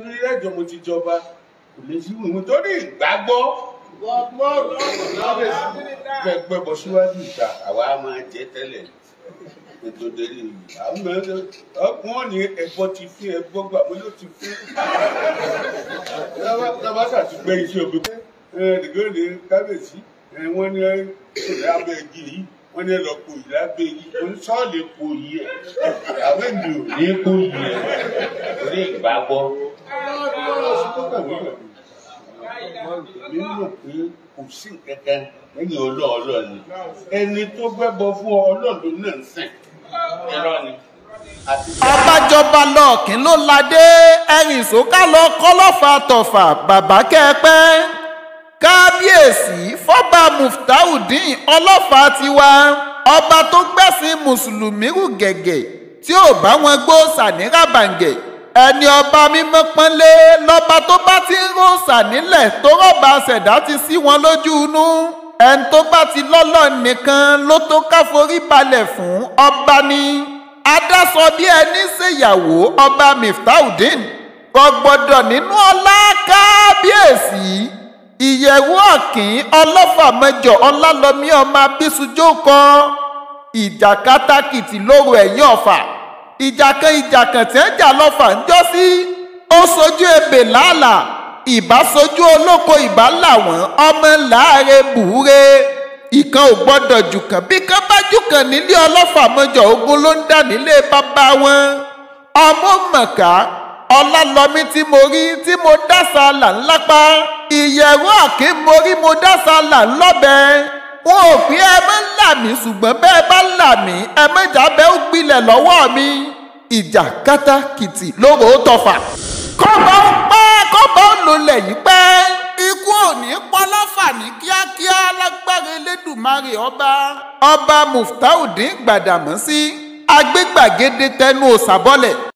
lórí ẹjọ́ mo ti jọba kò lè sí ìwé torí ìgbàgbọ́ gbẹgbẹbọ síwájú ìta àwa máa jẹ tẹ́lẹ̀ ètò ìdèrí àwọn wọn ní ẹbọ ti fín ẹbọ gbà wọn yóò ti fín lábàṣà ti gbẹ iṣẹ́ òbí pé ẹnìkan ní kábíyèsí wọn ní ọ̀rẹ́ abẹ́ yìí wọ́n ní lọ kó yìí lábẹ́ yìí oníṣọ́ọ̀lì kó yìí ẹ̀ àwọn ènìyàn ò ní kó yìí ẹ̀ torí ìgbàgbọ́ nínú pé kò sí kankan lẹ́yìn ọlọ́ọ̀lọ́ ni ẹni tó gbẹ́bọ fún ọ ọlọ́ọ̀lọ́ náà ń sìn irọ́ ni. Abájọba lọ́ọ̀kín ló ladé ẹ̀yìn sókà lọ kọ́lọ́fà tọ̀fà bàbá kẹ́ẹ̀pẹ́. Kábíyèsí fọ́ba Muftaudeen ọlọ́fà tiwa ọba tó gbẹ̀sìn Mùsùlùmí rù gẹ̀gẹ̀ tí ò bá wọn gbó sànírà bàǹgẹ̀ ẹni ọba mímọ́ pọ́nlé lọ́ba tó bá ti ń rọ̀ṣà nílẹ̀ tó rọ̀bà ṣẹ̀dá ti sí wọn lójú inú ẹni tó bá ti lọ́lọ́ nìkan ló tó káforí balẹ̀ fún ọba ni adásọ bí ẹni ṣèyàwó ọba miftaudeen kò gbọdọ̀ nínú ọlá kábíyèsí ìyẹ̀wò ọ̀kìn ọlọ́fàmẹjọ ọlálọ́mí ọmọ abísújó kọ ìjàkátàkìtì lóru ẹ̀yìn ọ̀fà ìjàkan ìjàkan tẹ́ jà lọ́fà ń jọ́ sí ó sojú ebè làálàá ìbá sojú olóko ìbá làwọn ọmọ láàre bùúre ìkan ò gbọ́dọ̀ jùkàn bí kan bá jùkàn nílé ọlọ́fà mọ́jọ́ ogun ló ń dà nílé bàbá wọn ọmọ mọ̀ká ọlálọ́mí tí mo rí tí mo dásà là ń lápá ìyẹ̀rú àkè mo rí mo dásà là ń wọn ò pé ẹ mọ́ mí ṣùgbọ́n bẹ́ẹ̀ bá là mí ẹ mẹ́jà bẹ́ẹ̀ ó gbilẹ̀ lọ́wọ́ mi ìjà kátàkìtì lóbò ó tọfà. kọ́bọ̀ ń pẹ́ kọ́bọ̀ ń lọlẹ̀ yìí pẹ́. ikú ò ní pọ́lọ́fà ní kíákíá lágbára Elédùmarè ọba. ọba Muftahudeen Gbàdàmọ́sí agbégbàgede tẹnu òsàbọ̀lẹ̀.